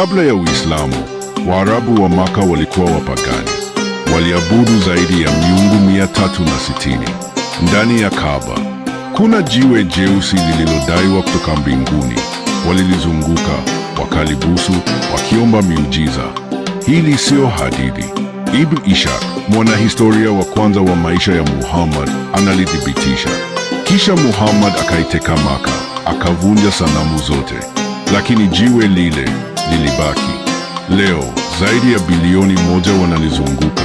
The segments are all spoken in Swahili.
Kabla ya Uislamu, Waarabu wa Maka walikuwa wapagani. Waliabudu zaidi ya miungu 360. Ndani ya Kaaba kuna jiwe jeusi lililodaiwa kutoka mbinguni. Walilizunguka wakalibusu, wakiomba miujiza. Hili siyo hadithi. Ibn Ishaq, mwanahistoria wa kwanza wa maisha ya Muhammad, analithibitisha. Kisha Muhammad akaiteka Maka, akavunja sanamu zote, lakini jiwe lile lilibaki. Leo zaidi ya bilioni moja wanalizunguka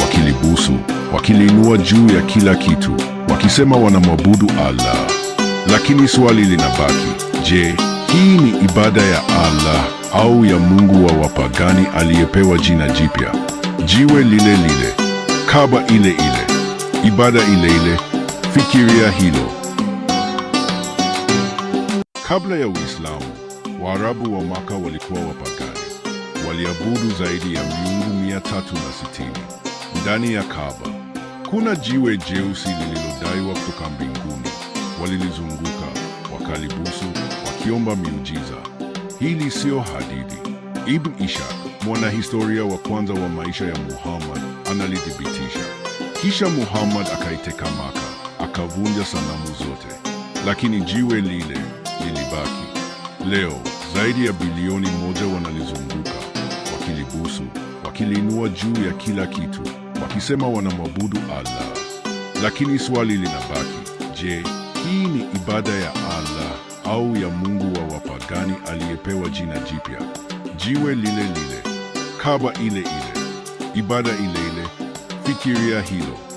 wakilibusu, wakiliinua juu ya kila kitu, wakisema wanamwabudu Allah. Lakini swali linabaki, je, hii ni ibada ya Allah au ya Mungu wa wapagani aliyepewa jina jipya? Jiwe lile lile, Kaaba ile ile, ibada ile ile. Fikiria hilo. Kabla ya Uislamu Waarabu wa Maka walikuwa wapagani, waliabudu zaidi ya miungu mia tatu na sitini. Ndani ya Kaaba kuna jiwe jeusi lililodaiwa kutoka mbinguni. Walilizunguka, wakalibusu, wakiomba miujiza. Hili siyo hadithi. Ibn Ishaq, mwanahistoria wa kwanza wa maisha ya Muhammad, analithibitisha. Kisha Muhammad akaiteka Maka, akavunja sanamu zote, lakini jiwe lile lilibaki leo zaidi ya bilioni moja wanalizunguka wakilibusu, wakiliinua juu ya kila kitu, wakisema wanamwabudu Allah. Lakini swali linabaki, je, hii ni ibada ya Allah au ya Mungu wa wapagani aliyepewa jina jipya? Jiwe lile lile, Kaaba ile ile, ibada ile ile. Fikiria hilo.